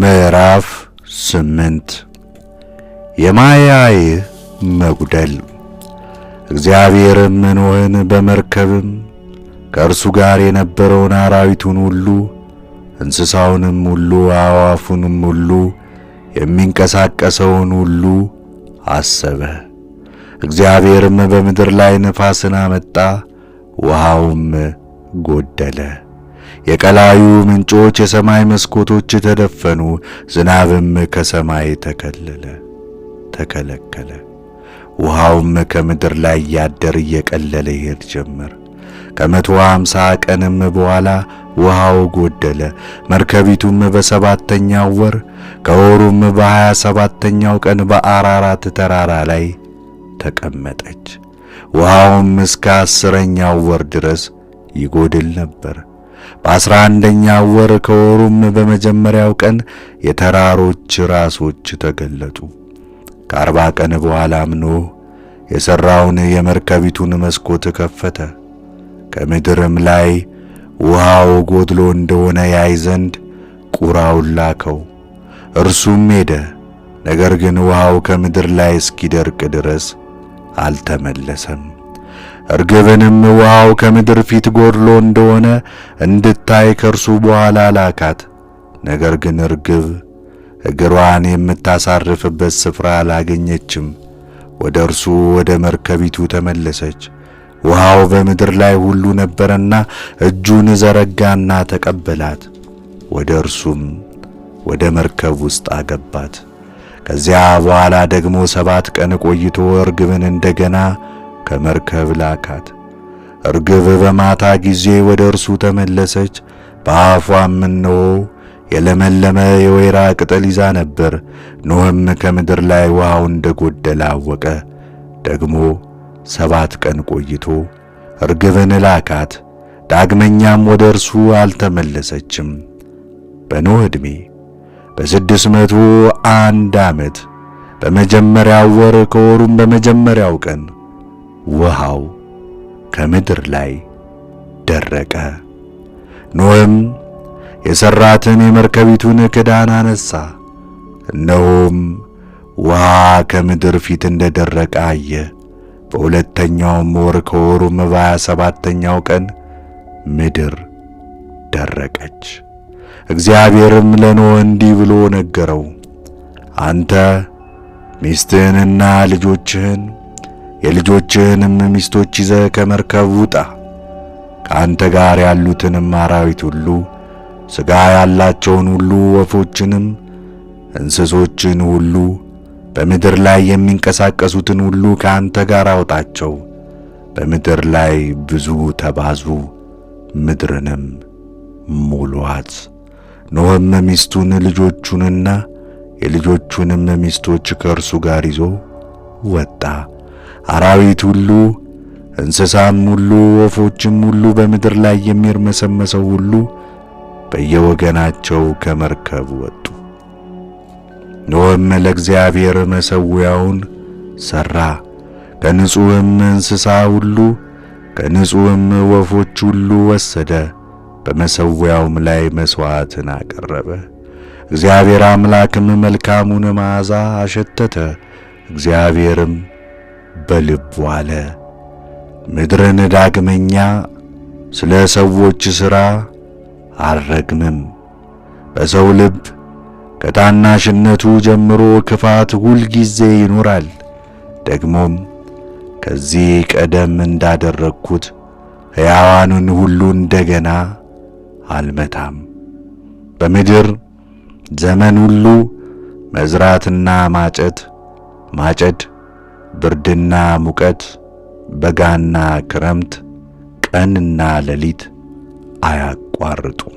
ምዕራፍ ስምንት የማያይህ መጉደል። እግዚአብሔርም ኖኅን በመርከብም ከእርሱ ጋር የነበረውን አራዊቱን ሁሉ እንስሳውንም ሁሉ አዕዋፉንም ሁሉ የሚንቀሳቀሰውን ሁሉ አሰበ። እግዚአብሔርም በምድር ላይ ነፋስን አመጣ፣ ውሃውም ጎደለ። የቀላዩ ምንጮች የሰማይ መስኮቶች ተደፈኑ፣ ዝናብም ከሰማይ ተከለለ ተከለከለ። ውሃውም ከምድር ላይ ያደር እየቀለለ ይሄድ ጀመር። ከመቶ አምሳ ቀንም በኋላ ውሃው ጎደለ። መርከቢቱም በሰባተኛው ወር ከወሩም በሀያ ሰባተኛው ቀን በአራራት ተራራ ላይ ተቀመጠች። ውሃውም እስከ አስረኛው ወር ድረስ ይጎድል ነበር። በአስራ አንደኛ ወር ከወሩም በመጀመሪያው ቀን የተራሮች ራሶች ተገለጡ። ከአርባ ቀን በኋላም ኖኅ የሠራውን የመርከቢቱን መስኮት ከፈተ። ከምድርም ላይ ውሃው ጎድሎ እንደሆነ ያይ ዘንድ ቁራውን ላከው። እርሱም ሄደ። ነገር ግን ውሃው ከምድር ላይ እስኪደርቅ ድረስ አልተመለሰም። እርግብንም ውሃው ከምድር ፊት ጎድሎ እንደሆነ እንድታይ ከእርሱ በኋላ ላካት። ነገር ግን እርግብ እግሯን የምታሳርፍበት ስፍራ አላገኘችም። ወደ እርሱ ወደ መርከቢቱ ተመለሰች። ውሃው በምድር ላይ ሁሉ ነበረና እጁን ዘረጋና ተቀበላት። ወደ እርሱም ወደ መርከብ ውስጥ አገባት። ከዚያ በኋላ ደግሞ ሰባት ቀን ቆይቶ እርግብን እንደገና ከመርከብ ላካት። እርግብ በማታ ጊዜ ወደ እርሱ ተመለሰች። በአፏም እነሆ የለመለመ የወይራ ቅጠል ይዛ ነበር። ኖህም ከምድር ላይ ውሃው እንደ ጎደለ አወቀ። ደግሞ ሰባት ቀን ቆይቶ እርግብን ላካት። ዳግመኛም ወደ እርሱ አልተመለሰችም። በኖህ ዕድሜ በስድስት መቶ አንድ ዓመት በመጀመሪያው ወር ከወሩም በመጀመሪያው ቀን ውሃው ከምድር ላይ ደረቀ። ኖህም የሠራትን የመርከቢቱን ክዳን አነሳ እነሆም ውሃ ከምድር ፊት እንደ ደረቀ አየ። በሁለተኛውም ወር ከወሩም በሃያ ሰባተኛው ቀን ምድር ደረቀች። እግዚአብሔርም ለኖህ እንዲህ ብሎ ነገረው፣ አንተ ሚስትህንና ልጆችህን የልጆችህንም ሚስቶች ይዘ ከመርከብ ውጣ፣ ከአንተ ጋር ያሉትንም አራዊት ሁሉ፣ ሥጋ ያላቸውን ሁሉ፣ ወፎችንም፣ እንስሶችን ሁሉ፣ በምድር ላይ የሚንቀሳቀሱትን ሁሉ ከአንተ ጋር አውጣቸው። በምድር ላይ ብዙ ተባዙ፣ ምድርንም ሙሉአት። ኖህም ሚስቱን ልጆቹንና የልጆቹንም ሚስቶች ከእርሱ ጋር ይዞ ወጣ። አራዊት ሁሉ እንስሳም ሁሉ ወፎችም ሁሉ በምድር ላይ የሚርመሰመሰው ሁሉ በየወገናቸው ከመርከብ ወጡ። ኖኅም ለእግዚአብሔር መሠዊያውን ሠራ። ከንጹሕም እንስሳ ሁሉ ከንጹሕም ወፎች ሁሉ ወሰደ። በመሠዊያውም ላይ መሥዋዕትን አቀረበ። እግዚአብሔር አምላክም መልካሙን መዓዛ አሸተተ። እግዚአብሔርም በልቡ አለ። ምድርን ዳግመኛ ስለ ሰዎች ሥራ አልረግምም። በሰው ልብ ከታናሽነቱ ጀምሮ ክፋት ሁል ጊዜ ይኖራል። ደግሞም ከዚህ ቀደም እንዳደረግኩት ሕያዋኑን ሁሉ እንደገና አልመታም። በምድር ዘመን ሁሉ መዝራትና ማጨት ማጨድ ብርድና ሙቀት፣ በጋና ክረምት፣ ቀንና ሌሊት አያቋርጡም።